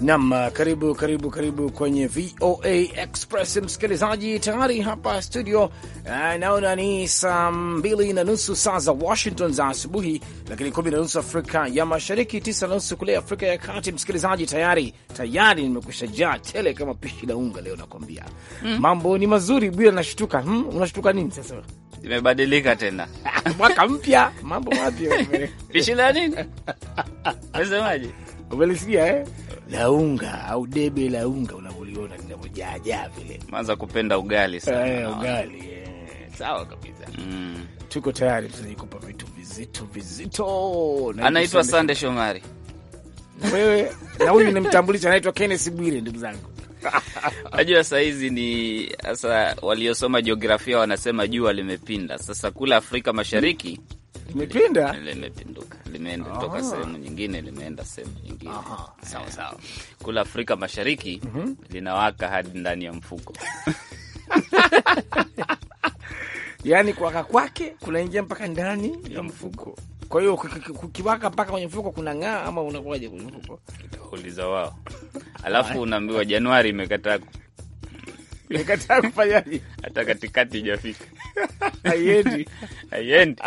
Nam, uh, karibu karibu karibu kwenye VOA Express msikilizaji, tayari hapa studio. Uh, naona ni saa mbili na nusu saa za Washington za asubuhi, lakini kumi na nusu Afrika ya Mashariki, tisa na nusu kule Afrika ya Kati. Msikilizaji, tayari tayari nimekusha jaa tele kama pishi la unga. Leo nakwambia mm. mambo ni mazuri. Bila nashtuka hmm? unashtuka nini sasa? Imebadilika tena mwaka mpya, mambo mapya pishi la nini? Umesemaje? umelisikia eh? la unga au debe la unga unavyoliona linavyojaajaa vile, maanza kupenda ugali sana. E, ugali eh. sawa kabisa mm. Tuko tayari tunaikupa vitu vizito vizito. Anaitwa Sande Shomari wewe na huyu nimtambulisha, anaitwa Kennes Bwire, ndugu zangu. Najua sahizi ni hasa waliosoma jiografia wanasema jua limepinda. Sasa kule Afrika Mashariki mm limepinda limepinduka, limeenda kutoka ah. sehemu nyingine limeenda sehemu nyingine. Sawa sawa, kula Afrika Mashariki mm -hmm. linawaka hadi ndani ya mfuko yaani kuwaka kwake kunaingia mpaka ndani ya mfuko. Kwa hiyo kukiwaka mpaka kwenye mfuko kuna ng'aa, ama unakuwaje kwenye mfuko? Uliza wao. Alafu unaambiwa Januari imekataa imekataa kufanyaje, hata katikati ijafika haiendi haiendi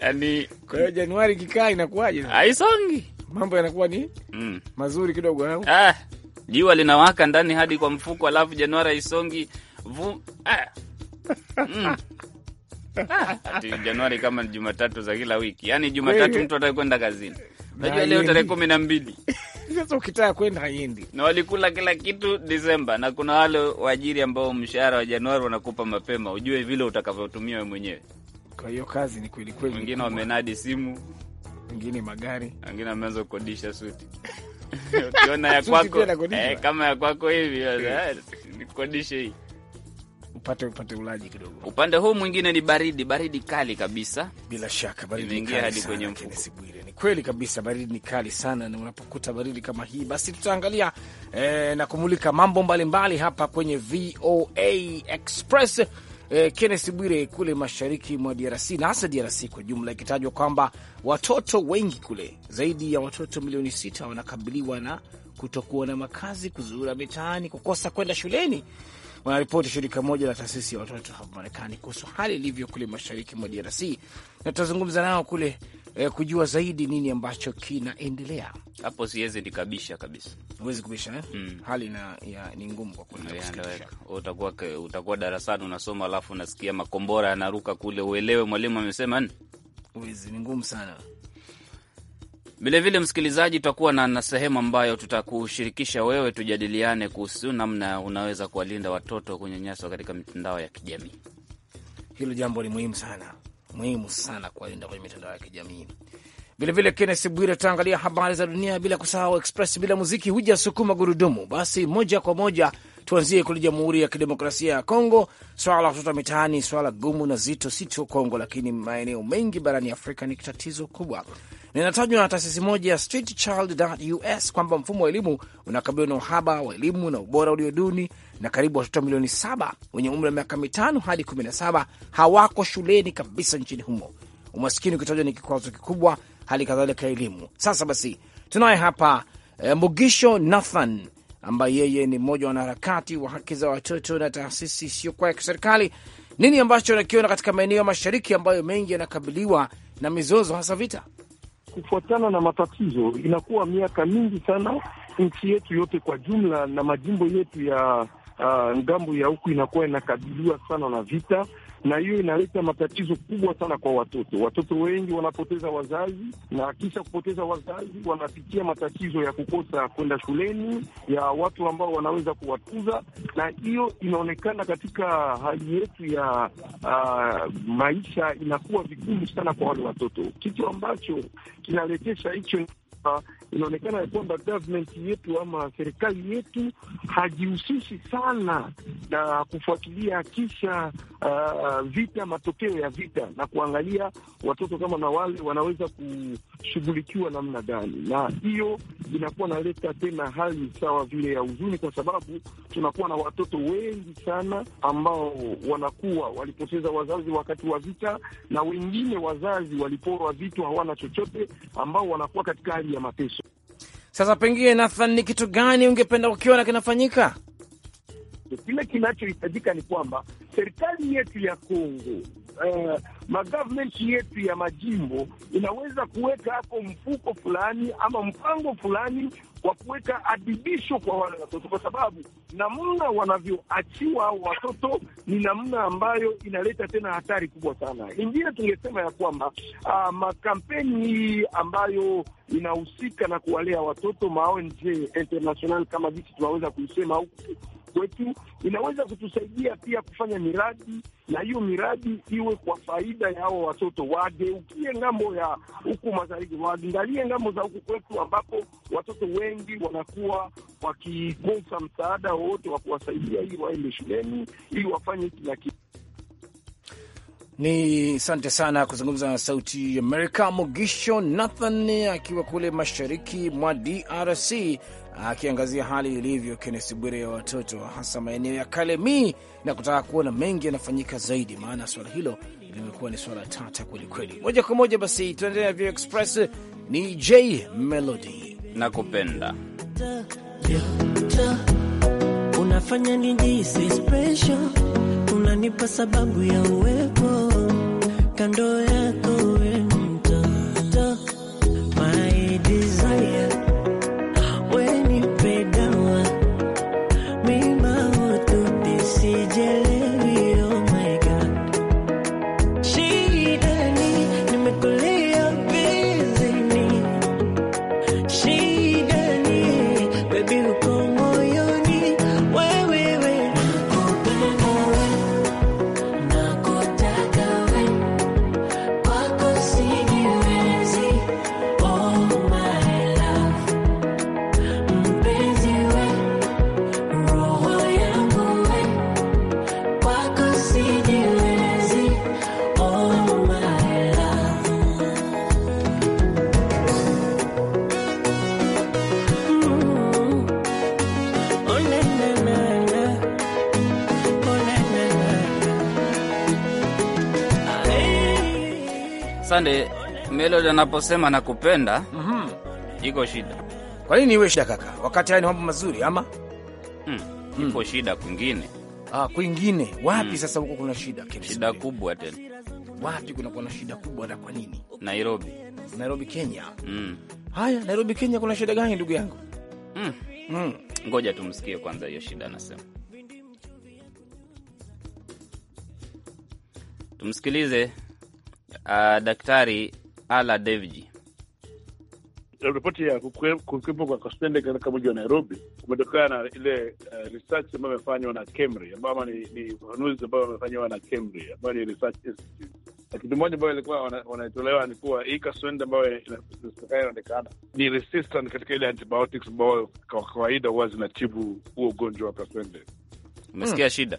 yani, kwa hiyo Januari kikaa inakuwaje? Haisongi, mambo yanakuwa ni mm, mazuri kidogo au ah, jua linawaka ndani hadi kwa mfuko, alafu Januari haisongi vu eh. mm. ah. mm. Ati Januari kama ni Jumatatu za kila wiki, yaani Jumatatu mtu ataki kwenda kazini. Najua leo tarehe kumi na mbili sasa ukitaka kwenda haiendi, na walikula kila kitu Desemba, na kuna wale waajiri ambao mshahara wa Januari wanakupa mapema, ujue vile utakavyotumia we mwenyewe. Kwa hiyo kazi ni kweli kweli, wengine wamenadi simu, wengine magari, wengine wameanza kukodisha suti ukiona ya kwako eh, kama ya kwako hivi eh, eh. Eh, nikodishe hii upate upate ulaji kidogo. Upande huu mwingine ni baridi, baridi kali kabisa. Bila shaka baridi inaingia hadi kwenye mfuko. Ni kweli kabisa, baridi ni kali sana, na unapokuta baridi kama hii, basi tutaangalia eh, na kumulika mambo mbalimbali mbali hapa kwenye VOA Express eh, Kenneth Bwire kule mashariki mwa DRC na hasa DRC kwa jumla, ikitajwa kwamba watoto wengi kule, zaidi ya watoto milioni sita wanakabiliwa na kutokuwa na makazi, kuzuura mitaani, kukosa kwenda shuleni wanaripoti shirika moja la taasisi ya watoto hapa Marekani kuhusu hali ilivyo kule mashariki mwa DRC, na tutazungumza nao kule eh, kujua zaidi nini ambacho kinaendelea hapo. Siwezi nikabisha kabisa, huwezi kubisha eh? Mm. hali na ya, ni ngumu kwa kweli, utakuwa utakuwa darasani unasoma, alafu unasikia makombora yanaruka kule, uelewe mwalimu amesema nini? Huwezi, ni ngumu sana. Vilevile msikilizaji, tutakuwa na, na sehemu ambayo tutakushirikisha wewe, tujadiliane kuhusu namna unaweza kuwalinda watoto kunyanyaswa katika mitandao ya kijamii. Hilo jambo ni muhimu sana muhimu sana kuenda kwenye mitandao ya kijamii. Vilevile Kennes Bwire, tutaangalia habari za dunia, bila kusahau Express. Bila muziki hujasukuma gurudumu. Basi moja kwa moja tuanzie kule Jamhuri ya Kidemokrasia ya Kongo. Swala la watoto mitaani, swala gumu na zito, si tu Kongo lakini maeneo mengi barani Afrika ni tatizo kubwa. Linatajwa na taasisi moja ya streetchild.us kwamba mfumo wa elimu unakabiliwa na uhaba wa elimu na ubora ulio duni, na karibu watoto milioni saba wenye umri wa miaka mitano hadi kumi na saba hawako shuleni kabisa nchini humo, umaskini ukitajwa ni kikwazo kikubwa, hali kadhalika elimu. Sasa basi, tunaye hapa eh, Mugisho Nathan ambaye yeye ni mmoja wa wanaharakati wa haki za watoto na taasisi isiyokuwa ya kiserikali. Nini ambacho nakiona katika maeneo ya mashariki ambayo mengi yanakabiliwa na mizozo hasa vita? kufuatana na matatizo, inakuwa miaka mingi sana nchi yetu yote kwa jumla na majimbo yetu ya uh, ngambo ya huku inakuwa inakabiliwa sana na vita na hiyo inaleta matatizo kubwa sana kwa watoto. Watoto wengi wanapoteza wazazi, na kisha kupoteza wazazi wanapitia matatizo ya kukosa kwenda shuleni, ya watu ambao wanaweza kuwatuza na hiyo inaonekana katika hali yetu ya uh, maisha inakuwa vigumu sana kwa wale watoto, kitu ambacho kinaletesha hicho uh, inaonekana ya kwamba government yetu ama serikali yetu hajihusishi sana na kufuatilia kisha uh, vita, matokeo ya vita na kuangalia watoto kama na wale wanaweza ku shughulikiwa namna gani, na hiyo inakuwa naleta tena hali sawa vile ya huzuni, kwa sababu tunakuwa na watoto wengi sana ambao wanakuwa walipoteza wazazi wakati wa vita, na wengine wazazi waliporwa vitu, hawana chochote, ambao wanakuwa katika hali ya mateso. Sasa pengine, Nathan, ni kitu gani ungependa ukiona kinafanyika? Kile kinachohitajika ni kwamba serikali yetu ya Kongo uh, eh, magavmenti yetu ya majimbo inaweza kuweka hapo mfuko fulani ama mpango fulani wa kuweka adibisho kwa wale watoto, kwa sababu namna wanavyoachiwa hao watoto ni namna ambayo inaleta tena hatari kubwa sana. Ingine tungesema ya kwamba uh, makampeni hii ambayo inahusika na kuwalea watoto ma ONG international kama visi tunaweza kuisema huku kwetu inaweza kutusaidia pia kufanya miradi, na hiyo miradi iwe kwa faida ya hao watoto. Wageukie ngambo ya huku mashariki, waangalie ngambo za huku kwetu, ambapo watoto wengi wanakuwa wakikosa msaada wowote wa kuwasaidia ili waende shuleni, ili wafanye hiki na kile. Ni sante sana kuzungumza na Sauti Amerika. Mogisho Nathan akiwa kule mashariki mwa DRC akiangazia hali ilivyo Kenesi Bwire ya watoto hasa maeneo ya Kalemie na kutaka kuona mengi yanafanyika zaidi, maana swala hilo limekuwa ni swala tata kwelikweli. Moja kwa moja basi tuendele na Express ni J Melody nakupenda unafanya nijisi special, unanipa sababu ya uwepo kando yako Sande, Melody anaposema nakupenda, mm -hmm. iko shida. Kwa nini iwe shida kaka, wakati haya ni mambo mazuri ama? mm. mm. iko mm. shida kwingine. Ah, kwingine wapi? mm. Sasa huko kuna shida, shida kubwa tena. Wapi kunakuwa na shida kubwa na kwa nini? Nairobi, Nairobi Kenya. mm. Haya, Nairobi Kenya, kuna shida gani ndugu yangu? mm. mm. Ngoja tumsikie kwanza hiyo shida anasema. Tumsikilize uh, Daktari Ala Devji, ripoti ya kukwepo kwa kaswende katika mji wa Nairobi kumetokana na ile uh, research ambayo imefanywa na KEMRI ambayo ni ufafanuzi ambayo wamefanyiwa na KEMRI ambayo ni research institute na kitu moja ambayo ilikuwa wanaitolewa ni kuwa hii kaswende ambayo inaonekana ni resistant katika ile antibiotics ambayo kwa kawaida huwa zinatibu huo ugonjwa wa kaswende. Umesikia? hmm. Shida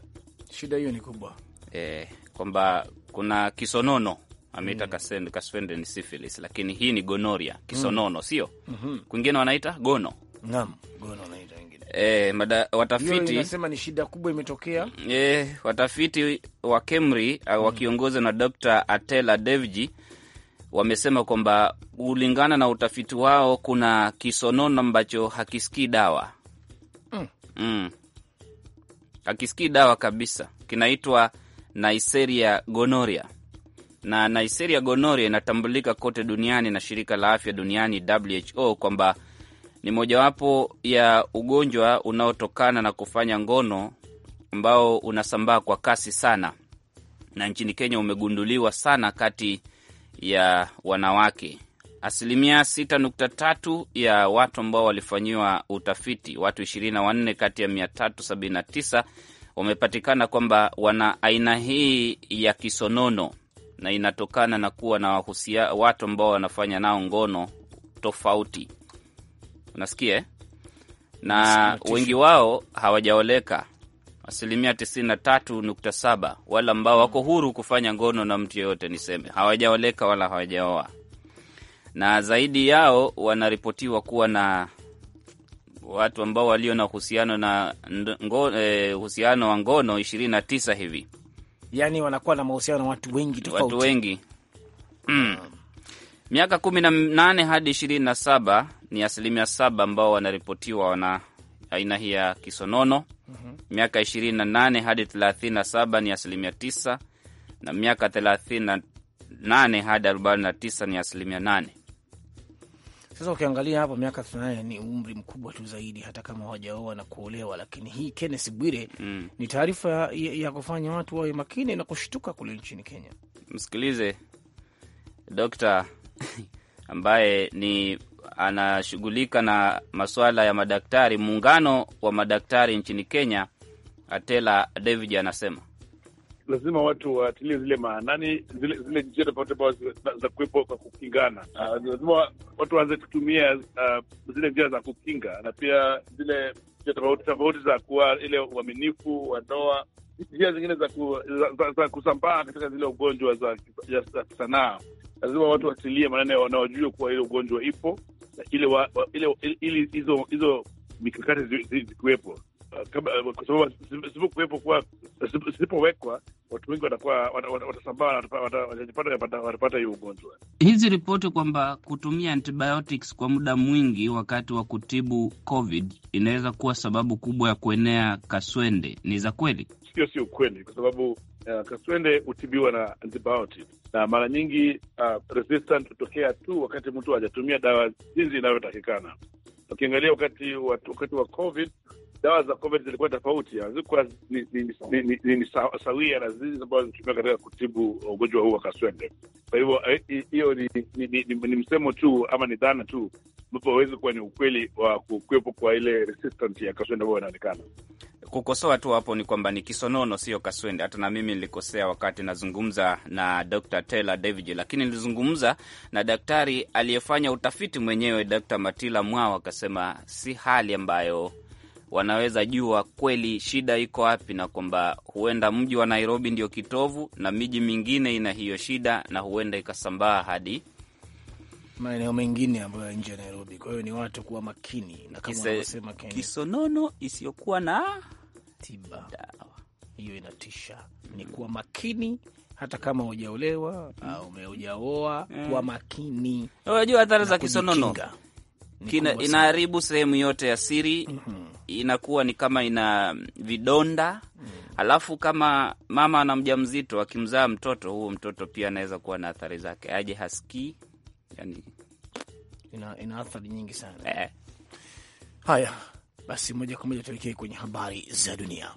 shida hiyo ni kubwa eh, kwamba kuna kisonono ameita mm. kaswende ni syphilis, lakini hii ni gonoria, mm. kisonono, sio mm -hmm. Kwingine wanaita gono. Naam, gono wanaita wengine. E, mada, watafiti nasema ni shida kubwa imetokea. E, watafiti wa KEMRI ah, mm. wakiongozwa na Dr. Atela Devji wamesema kwamba kulingana na utafiti wao kuna kisonono ambacho hakisikii dawa mm. Mm. hakisikii dawa kabisa, kinaitwa Neisseria gonoria na Neisseria gonorrhea inatambulika kote duniani na shirika la afya duniani WHO kwamba ni mojawapo ya ugonjwa unaotokana na kufanya ngono ambao unasambaa kwa kasi sana, na nchini Kenya umegunduliwa sana kati ya wanawake. Asilimia 6.3 ya watu ambao walifanyiwa utafiti, watu 24 kati ya 379 wamepatikana kwamba wana aina hii ya kisonono na inatokana na kuwa na wahusia, watu ambao wanafanya nao ngono tofauti, unasikia eh? na wengi wao hawajaoleka asilimia 93.7 wale ambao wako hmm. huru kufanya ngono na mtu yeyote, niseme hawajaoleka wala hawajaoa, na zaidi yao wanaripotiwa kuwa na watu ambao walio na uhusiano na eh, uhusiano eh, wa ngono 29 hivi yani wanakuwa na mahusiano na watu wengi tofauti, watu wengi mm. Miaka kumi na nane hadi ishirini na saba ni asilimia saba ambao wanaripotiwa wana aina hii ya kisonono mm -hmm. Miaka ishirini na nane hadi thelathini na saba ni asilimia tisa na miaka thelathini na nane hadi arobaini na tisa ni asilimia nane. Sasa ukiangalia hapo miaka 38 ni umri mkubwa tu zaidi, hata kama wajaoa na kuolewa. Lakini hii Kenneth Bwire, mm. ni taarifa ya, ya kufanya watu wawe makini na kushtuka kule nchini Kenya. Msikilize dokta ambaye ni anashughulika na masuala ya madaktari, muungano wa madaktari nchini Kenya, Atela David anasema lazima watu waatilie zile maanani zile zile njia tofauti za kuwepo kwa kupingana. Uh, ah, lazima watu waanze kutumia uh, zile njia za kukinga na pia zile njia tofauti tofauti za kuwa ile uaminifu wa ndoa, njia zingine za, ku, za, za, za kusambaa katika zile ugonjwa za, za, za kisanaa. Lazima watu waatilie maanani wanaojua kuwa ile ugonjwa ipo ili hizo mikakati zikuwepo ah, kwa sababu kuwepo kuwa zisipowekwa wengi watakuwa watasambaa, watapata hiyo ugonjwa. Hizi ripoti kwamba kutumia antibiotics kwa muda mwingi wakati wa kutibu COVID inaweza kuwa sababu kubwa ya kuenea kaswende ni za kweli? Hiyo sio kweli, kwa sababu uh, kaswende hutibiwa na antibiotic na mara nyingi uh, resistant hutokea tu wakati mtu hajatumia dawa jinsi inavyotakikana. Ukiangalia wakati wa, wakati wa COVID dawa za COVID zilikuwa tofauti, hazikuwa ni, ni, ni, ni, ni, ni sawia na zile ambazo zilitumika katika kutibu ugonjwa huu wa kaswende. Kwa hivyo eh, hiyo ni, ni, ni, ni, ni msemo tu ama ni dhana tu, ambapo hawezi kuwa ni ukweli wa kuwepo kwa ile resistance ya kaswende ambayo inaonekana. Kukosoa tu hapo ni kwamba ni kisonono, sio kaswende. Hata na mimi nilikosea wakati nazungumza na Dr Taylor Davidge, lakini nilizungumza na daktari aliyefanya utafiti mwenyewe, Dr Matila Mwao, akasema si hali ambayo wanaweza jua kweli shida iko wapi, na kwamba huenda mji wa Nairobi ndio kitovu na miji mingine ina hiyo shida, na huenda ikasambaa hadi maeneo mengine ambayo ya nje ya Nairobi. Kwa hiyo ni watu kuwa makini, na kama wanavyosema kisonono isiyokuwa na tiba, hiyo inatisha. Ni kuwa makini hata kama hujaolewa au umeujaoa, eh. kuwa makini. Unajua athari za kisonono kina, inaharibu sehemu yote ya siri mm -hmm. Inakuwa ni kama ina vidonda mm -hmm. Alafu kama mama ana mzito akimzaa mtoto huo mtoto pia anaweza kuwa na athari zake, aje hasikii yani... ina, ina athari nyingi sana eh. Haya basi, moja kwa moja tuelekee kwenye habari za dunia.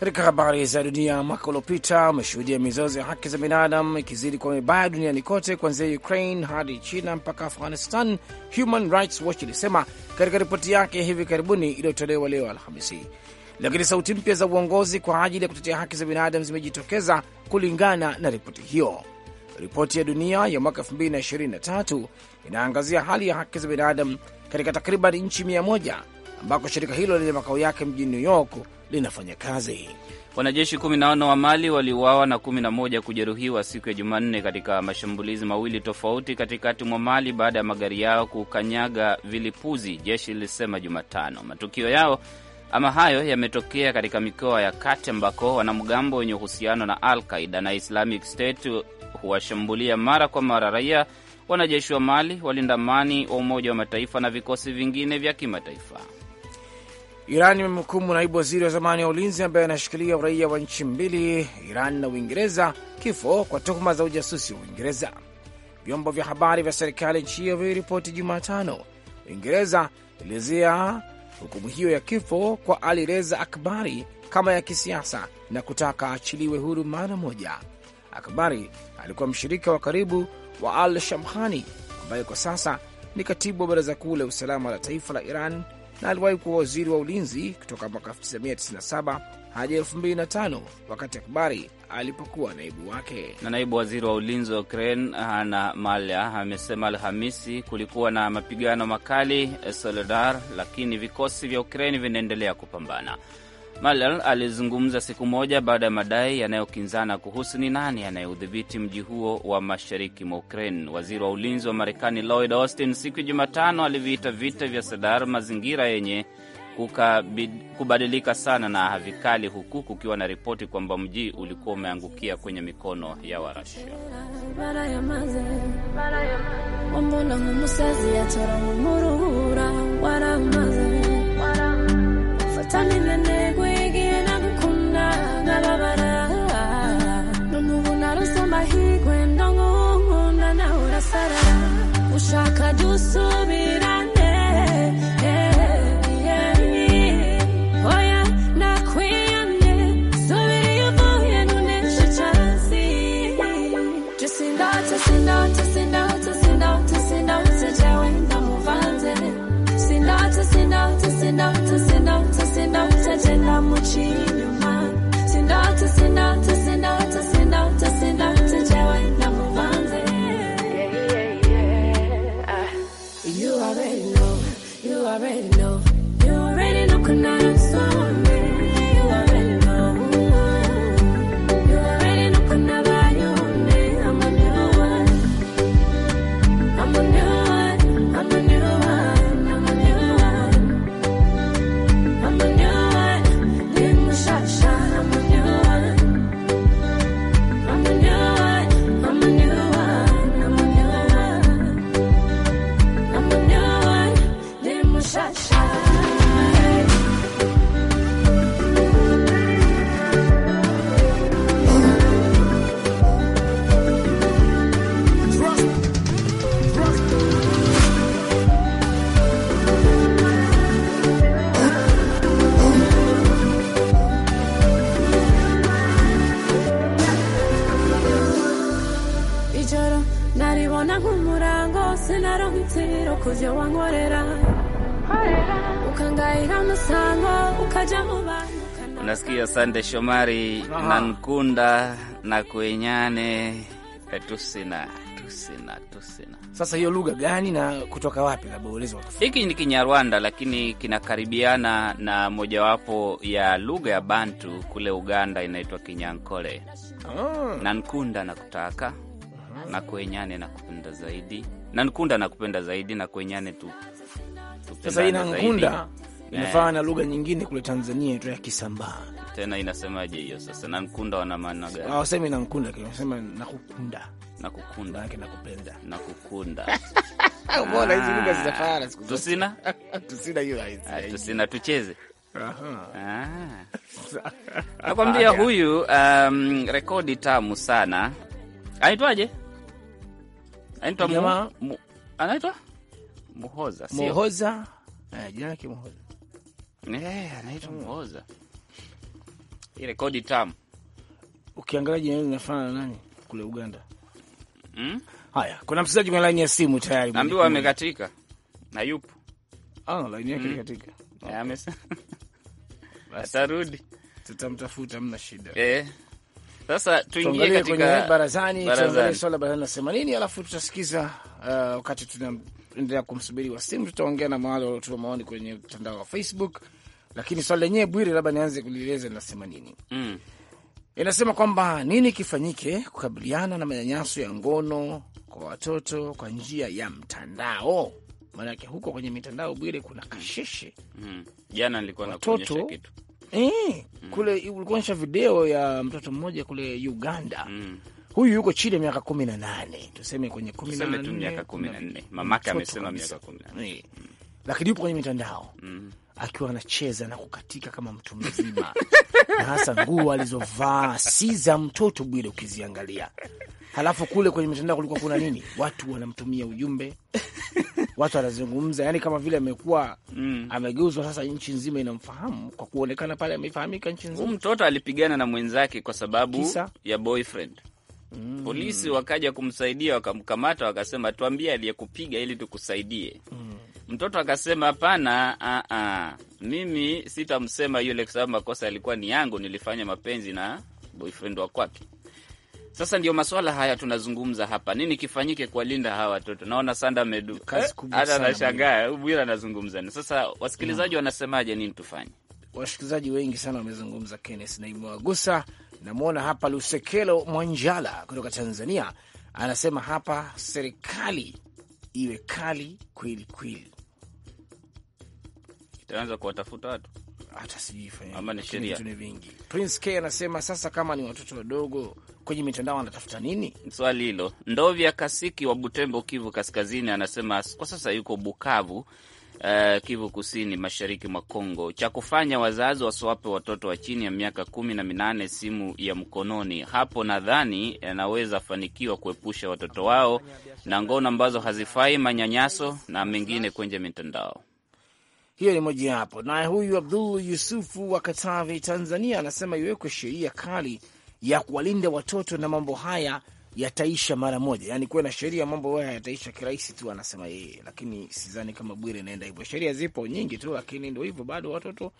Katika habari za dunia, mwaka uliopita umeshuhudia mizozo ya haki za binadamu ikizidi kwa mibaya duniani kote, kuanzia Ukraine hadi China mpaka Afghanistan, Human Rights Watch ilisema katika ripoti yake hivi karibuni iliyotolewa leo Alhamisi. Lakini sauti mpya za uongozi kwa ajili ya kutetea haki za binadamu zimejitokeza kulingana na ripoti hiyo. Ripoti ya dunia ya mwaka 2023 inaangazia hali ya haki za binadamu katika takriban nchi 100 ambako shirika hilo lenye makao yake mjini New York linafanya kazi. Wanajeshi 14 wa Mali waliuawa na 11 kujeruhiwa siku ya Jumanne katika mashambulizi mawili tofauti katikati mwa Mali baada ya magari yao kukanyaga vilipuzi, jeshi lilisema Jumatano. Matukio yao ama hayo yametokea katika mikoa ya kati ambako wanamgambo wenye uhusiano na Al Qaida na Islamic State huwashambulia mara kwa mara raia, wanajeshi wa Mali, walinda amani wa Umoja wa Mataifa na vikosi vingine vya kimataifa. Iran imemhukumu naibu waziri wa zamani wa ulinzi ambaye anashikilia uraia wa nchi mbili, Iran na Uingereza, kifo kwa tuhuma za ujasusi wa Uingereza. Vyombo vya habari vya serikali nchi hiyo viliripoti Jumatano Uingereza ilielezea hukumu hiyo ya kifo kwa Ali Reza Akbari kama ya kisiasa na kutaka aachiliwe huru mara moja. Akbari alikuwa mshirika wa karibu wa Al Shamkhani ambaye kwa sasa ni katibu wa baraza kuu la usalama la taifa la Iran na aliwahi kuwa waziri wa ulinzi kutoka mwaka 1997 hadi 2005 wakati Akbari alipokuwa naibu wake. Na naibu waziri wa ulinzi wa Ukraine Hana Malia amesema Alhamisi kulikuwa na mapigano makali eh, Soledar, lakini vikosi vya Ukraine vinaendelea kupambana. Malal alizungumza siku moja baada ya madai yanayokinzana kuhusu ni nani anayeudhibiti mji huo wa mashariki mwa Ukraine. Waziri wa ulinzi wa Marekani Lloyd Austin siku ya Jumatano aliviita vita vya Sadar mazingira yenye kukabid, kubadilika sana na vikali, huku kukiwa na ripoti kwamba mji ulikuwa umeangukia kwenye mikono ya Warusia. Sinauta, sinauta, sinauta, sinauta, jena muchini ntaro kuvyo wankorera ukangayira musango ukaja mu bantu Nasikia Sande Shomari na Nkunda na Kwenyane eh, tusina tusina tusina. Sasa hiyo lugha gani na kutoka wapi? Labda ueleze Hiki ni Kinyarwanda, lakini kinakaribiana na mojawapo ya lugha ya Bantu kule Uganda, inaitwa Kinyankole. Oh. na Nkunda na kutaka na kuenyane na kupenda zaidi na nkunda na kupenda zaidi na kwenyane tu. Sasa ina nkunda eh. inafaa na lugha nyingine kule Tanzania inaitwa ya Kisambaa. Tena inasemaje hiyo sasa? Na nkunda wana maana gani? Hawasemi ah, na nkunda, wanasema nakukunda, nakukunda yake nakupenda, nakukunda Mbona hizi lugha zinafana siku Tusina? Tusina hiyo hizi. Ah, tusina tucheze. Aha. Ah. Nakwambia huyu um, rekodi tamu sana. Anaitwaje? anaitwa mu, anaitwa Muhoza, sio Muhoza, eh, jina lake Muhoza eh, anaitwa Muhoza. Ile kodi tam, ukiangalia jina lake linafanana na nani kule Uganda? Mm? Haya, kuna msikizaji kwenye line ya simu tayari, naambiwa amekatika na yupo. Ah, line yake Mm. Okay. katika. Amesa. Atarudi. Tutamtafuta, mna shida. Eh. Sasa tuingie katika kwenye barazani, tuangalie swala la barazani nasema nini, alafu tutasikiza uh, wakati tunaendelea kumsubiri wa simu, tutaongea na wale waliotoa maoni kwenye mtandao wa Facebook, lakini swala lenyewe Bwire, labda nianze kulieleza linasema nini. Mm, inasema kwamba nini kifanyike kukabiliana na manyanyaso ya ngono kwa watoto kwa njia ya mtandao. Maanake huko kwenye mitandao Bwire kuna kasheshe. Mm, jana nilikuwa nakuonyesha kitu eh, kule ulikuonyesha video ya mtoto mmoja kule Uganda mm. Huyu yuko chini ya miaka kumi na nane tuseme kwenye kumi na nane mamake amesema miaka kumi na nane eh. mm. lakini yupo kwenye mitandao mm akiwa anacheza na kukatika kama mtu mzima na hasa nguo alizovaa si za mtoto Bwile ukiziangalia. Halafu kule kwenye mitandao kulikuwa kuna nini, watu wanamtumia ujumbe, watu wanazungumza, yani kama vile amekuwa mm, amegeuzwa sasa, nchi nzima inamfahamu kwa kuonekana pale, amefahamika nchi nzima. Mtoto alipigana na mwenzake kwa sababu Kisa? ya boyfriend Mm. Polisi wakaja kumsaidia wakamkamata, wakasema tuambie aliyekupiga ili tukusaidie. Mm. Mtoto akasema hapana, mimi sitamsema yule, kwa sababu makosa yalikuwa ni yangu, nilifanya mapenzi na boyfriend wa kwake. Sasa ndio maswala haya tunazungumza hapa, nini kifanyike kuwalinda hawa watoto? Naona Sanda amedu eh, hata anashangaa Bwira anazungumza. Sasa wasikilizaji no. wanasemaje, nini tufanye? Wasikilizaji wengi sana wamezungumza, Kennes na imewagusa. Namwona hapa Lusekelo Mwanjala kutoka Tanzania anasema hapa serikali iwe kali kweli kweli itaanza kuwatafuta watu hata sijui vingi. Prince K anasema sasa, kama ni watoto wadogo kwenye mitandao anatafuta nini? Swali hilo. Ndovya Kasiki wa Butembo, Kivu Kaskazini, anasema kwa sasa yuko Bukavu, uh, Kivu Kusini, mashariki mwa Kongo. Cha kufanya wazazi wasiwape watoto wa chini ya miaka kumi na minane simu ya mkononi. Hapo nadhani anaweza fanikiwa kuepusha watoto wao na ngono ambazo hazifai, manyanyaso na mengine kwenye mitandao. Hiyo ni moja yapo. Naye huyu Abdul Yusufu wa Katavi, Tanzania, anasema iwekwe sheria kali ya kuwalinda watoto na mambo haya yataisha mara moja. Yani kuwe na sheria, mambo haya yataisha kirahisi tu, anasema yeye, lakini sidhani kama Bwire inaenda hivyo. Sheria zipo nyingi tu, lakini ndo hivyo, bado watoto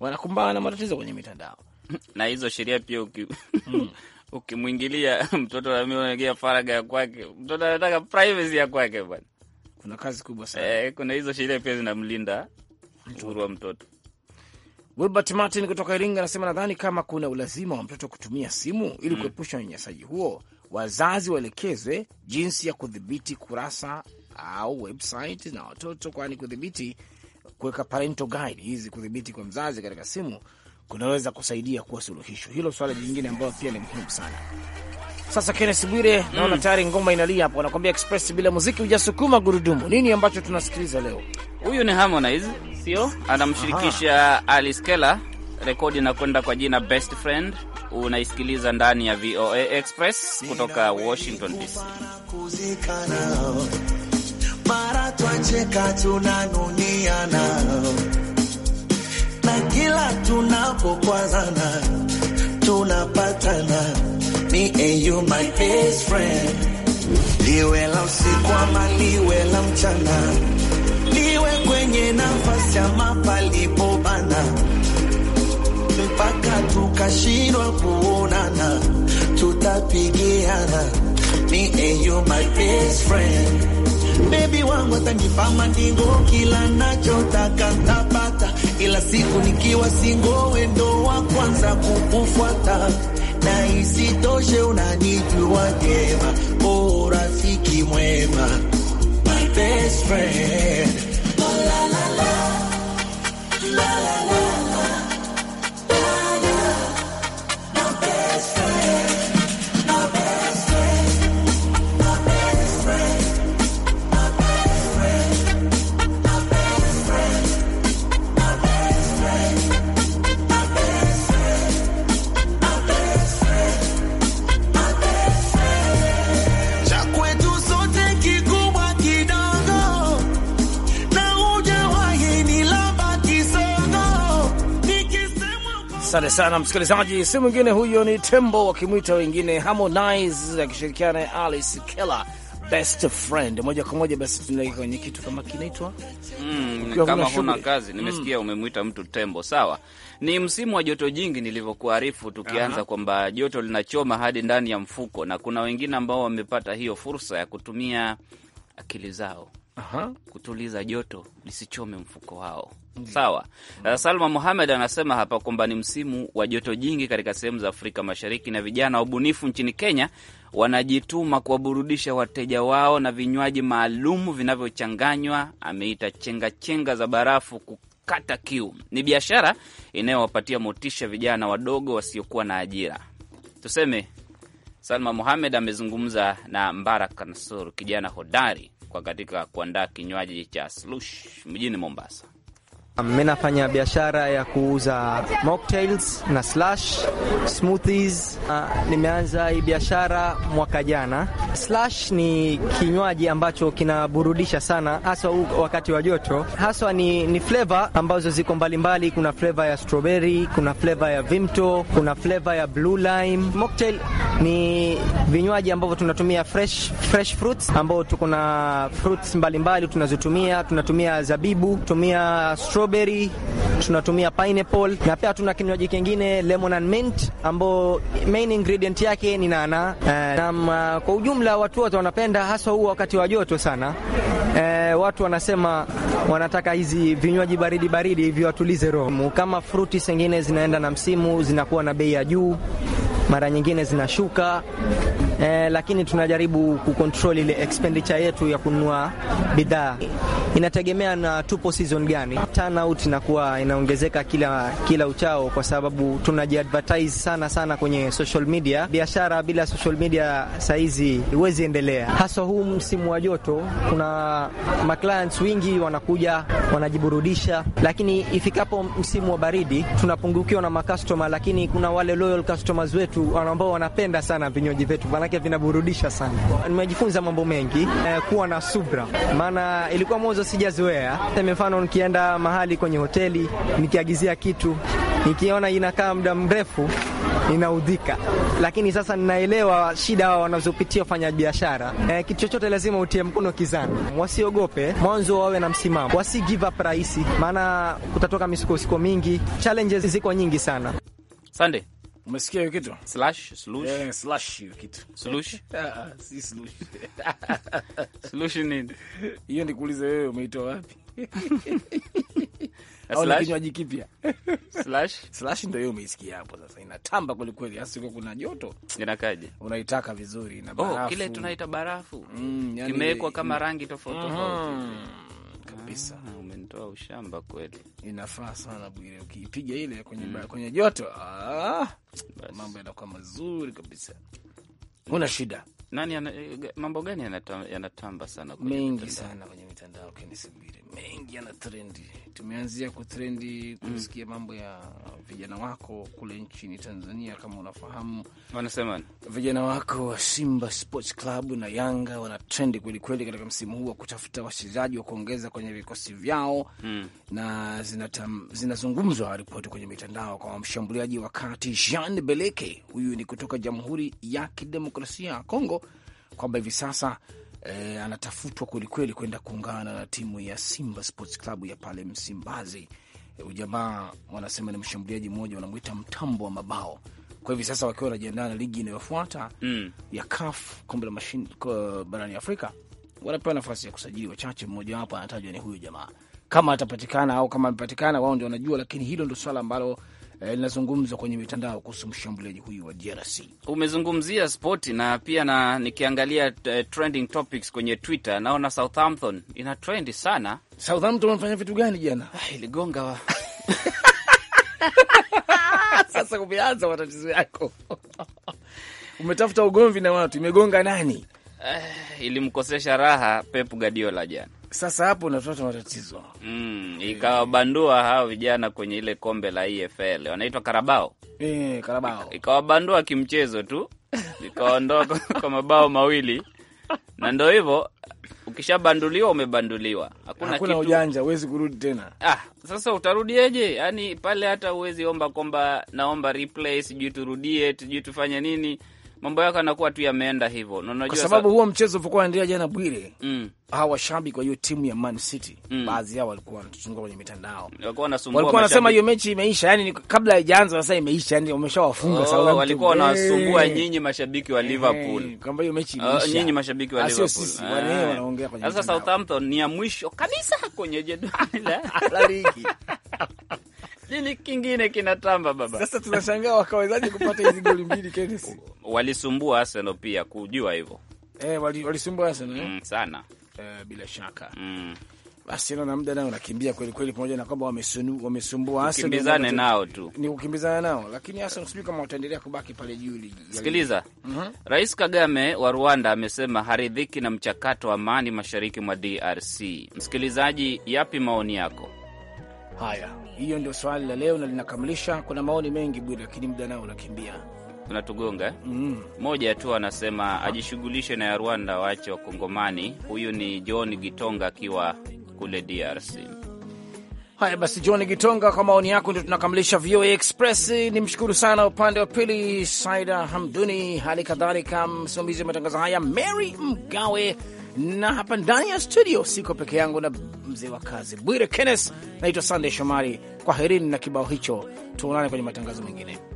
wanakumbana na matatizo kwenye mitandao na hizo sheria pia uki... mm. ukimwingilia mtoto anaegea faraga ya kwake, mtoto anataka privacy ya kwake bwana. Kuna kazi kubwa sana eh, kuna hizo sheria pia zinamlinda uhuru wa mtoto. Wilbert Martin kutoka Iringa anasema nadhani kama kuna ulazima wa mtoto kutumia simu ili mm. kuepusha unyanyasaji huo, wazazi waelekezwe jinsi ya kudhibiti kurasa au website na watoto, kwani kudhibiti, kuweka parental guide hizi, kudhibiti kwa mzazi katika simu kunaweza kusaidia kuwa suluhisho hilo. Swala jingine ambayo pia ni muhimu sana. Sasa Kennes Bwire, mm, naona tayari ngoma inalia hapo, anakuambia express bila muziki hujasukuma gurudumu. Nini ambacho tunasikiliza leo? Huyu ni Harmonize Mathew Anamshirikisha Alice Keller. Rekodi inakwenda kwa jina Best Friend. Unaisikiliza ndani ya VOA Express kutoka Washington DC. Mara twacheka tunanuniana, na kila tunapokwazana tunapatana, me and you my best friend, liwe la usiku ama liwe la mchana niwe kwenye nafasi mapalipo palipobana, mpaka tukashindwa kuonana, tutapigiana ni eyo my best friend Baby wangu atanipa mandingo, kila nachotaka ntapata, ila siku nikiwa singo, wendo wa kwanza kukufuata, na isitoshe unanijua jema, oh rafiki mwema, my best friend Asante sana msikilizaji, si mwingine huyo ni Tembo wakimwita wengine Harmonize akishirikiana na Alice Keller best friend. Moja kwa moja basi tunaelekea kwenye kitu kama kinaitwa mm, kama huna kazi. Nimesikia mm. umemwita mtu tembo, sawa. Ni msimu wa joto jingi nilivyokuarifu, tukianza kwamba joto linachoma hadi ndani ya mfuko, na kuna wengine ambao wamepata hiyo fursa ya kutumia akili zao Aha. kutuliza joto lisichome mfuko wao. mm Sawa. Uh, Salma Muhamed anasema hapa kwamba ni msimu wa joto jingi katika sehemu za Afrika Mashariki na vijana wabunifu nchini Kenya wanajituma kuwaburudisha wateja wao na vinywaji maalum vinavyochanganywa, ameita chenga chenga za barafu kukata kiu. Ni biashara inayowapatia motisha vijana wadogo wasiokuwa na ajira. Tuseme Salma Muhamed amezungumza na Mbarak kijana hodari kwa katika kuandaa kinywaji cha slush mjini Mombasa. Mi nafanya biashara ya kuuza mocktails na slash smoothies. Uh, nimeanza hii biashara mwaka jana. Slash ni kinywaji ambacho kinaburudisha sana, haswa wakati wa joto. Haswa ni, ni flavor ambazo ziko mbalimbali. Kuna flavor ya strawberry, kuna flavor ya vimto, kuna flavor ya blue lime. Mocktail ni vinywaji ambavyo tunatumia fresh, fresh fruits ambao tuko na fruits mbalimbali tunazotumia. Tunatumia zabibu, tumia strawberry strawberry, tunatumia pineapple na pia tuna kinywaji kingine lemon and mint, ambao main ingredient yake ni nana. Eh, na uh, kwa ujumla watu wote wanapenda, hasa huu wakati wa joto sana. E, watu wanasema wanataka hizi vinywaji baridi baridi hivi watulize roho. Kama fruti zingine zinaenda na msimu, zinakuwa na bei ya juu mara nyingine zinashuka eh, lakini tunajaribu kukontrol ile expenditure yetu ya kununua bidhaa. Inategemea na tupo season gani. Turnout inakuwa inaongezeka kila kila uchao, kwa sababu tunajiadvertise sana sana kwenye social media. Biashara bila social media saizi huwezi endelea, haswa huu msimu wa joto. Kuna maclients wingi wanakuja wanajiburudisha, lakini ifikapo msimu wa baridi tunapungukiwa na makastoma, lakini kuna wale loyal customers wetu watu ambao wanapenda sana vinywaji vyetu, maanake vinaburudisha sana. Nimejifunza mambo mengi eh, kuwa na subra, maana ilikuwa mwanzo sijazoea. Mfano, nikienda mahali kwenye hoteli nikiagizia kitu nikiona inakaa muda mrefu inaudhika, lakini sasa ninaelewa shida hao wanazopitia wafanyabiashara. E, kitu chochote lazima utie mkono kizani, wasiogope mwanzo, wawe na msimamo, wasi give up rahisi, maana kutatoka misukosuko mingi, challenges ziko nyingi sana. Sande. Umesikia hiyo kitu slash slush, yeah, slash hiyo kitu slush ah, ah, si slush slush nini hiyo? Nikuulize wewe, umeitoa wapi? au kinywaji kipya slash slash ndio hiyo umeisikia hapo. Sasa inatamba kwelikweli, hasa iko kuna joto, inakaje? Unaitaka vizuri na oh, barafu. Oh, kile tunaita barafu mm, yani, kimewekwa kama rangi tofauti mm-hmm. tofauti mm -hmm kabisa. Ah, umenitoa ushamba kweli, inafaa sana Bwire, ukiipiga ile kwenye mm. kwenye joto ah, mambo yanakuwa mazuri kabisa, huna shida nani yana, eh, mambo gani yanatamba sana kwenye mengi mitandao? Sana kwenye mitandao kinisubiri mengi yana trendi. Tumeanzia kutrendi mm. kusikia mm, mambo ya vijana wako kule nchini Tanzania. Kama unafahamu, wanasema vijana wako wa Simba Sports Club na Yanga wana trendi kweli kweli katika msimu huu wa kutafuta wachezaji wa kuongeza kwenye vikosi vyao mm, na zinazungumzwa zina ripoti kwenye mitandao kwa mshambuliaji wa kati Jean Beleke, huyu ni kutoka Jamhuri ya Kidemokrasia ya Kongo kwamba hivi sasa e, anatafutwa kwelikweli kwenda kuungana na timu ya Simba Sports Club ya pale Msimbazi. Eh, Ujamaa wanasema ni mshambuliaji mmoja wanamwita mtambo wa mabao. Kwa hivi sasa wakiwa wanajiandaa na ligi inayofuata mm. ya CAF kombe la mashindano barani Afrika, wanapewa nafasi ya kusajili wachache, mmojawapo anatajwa ni huyu jamaa. Kama atapatikana au kama amepatikana, wao ndio wanajua, lakini hilo ndo swala ambalo Eh, linazungumzwa kwenye mitandao kuhusu mshambuliaji huyu wa DRC. Umezungumzia spoti na pia na nikiangalia eh, trending topics kwenye Twitter naona Southampton ina trendi sana. Southampton wamefanya vitu gani jana? Ah, iligonga wa Sasa umeanza matatizo yako umetafuta ugomvi na watu, imegonga nani? Eh, ilimkosesha raha Pep Guardiola jana. Sasa hapo unapata matatizo mm, eh. ikawabandua hao vijana kwenye ile kombe la EFL wanaitwa Karabao e, eh, Karabao ikawabandua kimchezo tu ikaondoka kwa mabao mawili na ndo hivyo, ukishabanduliwa umebanduliwa, hakuna, hakuna kitu... ujanja, huwezi kurudi tena. Ah, sasa utarudieje? Yaani pale hata huwezi omba kwamba naomba replay, sijui turudie, sijui tufanye nini mambo yako yanakuwa tu yameenda hivyo, kwa sababu huo mchezo ulikuwa unaendelea jana Bwire. Mm. hawa washabiki wa hiyo timu ya Man City mm. baadhi yao walikuwa wanatuzunguka kwenye mitandao, walikuwa wanasumbua, walikuwa wanasema hiyo mechi imeisha, yani kabla haijaanza sasa imeisha, yani wameshawafunga. Oh, sasa walikuwa wanawasumbua eh. nyinyi mashabiki wa eh, Liverpool hey, kwamba hiyo mechi oh, imeisha, Oh, nyinyi mashabiki wa ah, Liverpool sisi, ah. wale wanaongea kwenye sasa. Southampton ni ya mwisho kabisa kwenye jedwali la ligi nini kingine kinatamba baba? Sasa tunashangaa wakawezaje kupata hizi goli mbili Kenneth. Walisumbua Arsenal pia kujua hivyo. Eh, walisumbua Arsenal eh? Mm, sana. Eh, bila shaka. Mm. Basi naona muda nao unakimbia kweli kweli, pamoja na kwamba wamesumbua Arsenal. nao tu. Ni kukimbizana nao, lakini hasa sijui kama wataendelea kubaki pale juu ligi. Sikiliza. Mm -hmm. Rais Kagame wa Rwanda amesema haridhiki na mchakato wa amani mashariki mwa DRC. Msikilizaji, yapi maoni yako? Haya, hiyo ndio swali la leo na linakamilisha. Kuna maoni mengi Bwiri, lakini muda nao unakimbia unatugonga mm. Moja tu anasema ajishughulishe na ya Rwanda, waache Wakongomani. Huyu ni John Gitonga akiwa kule DRC. Haya basi, John Gitonga, kwa maoni yako ndio tunakamilisha VOA Express. Ni mshukuru sana upande wa pili Saida Hamduni, hali kadhalika msimamizi wa matangazo haya Mary Mgawe na hapa ndani ya studio siko peke yangu na mzee wa kazi Bwire Kennes. Naitwa Sandey Shomari. Kwa herini na kibao hicho, tuonane kwenye matangazo mengine.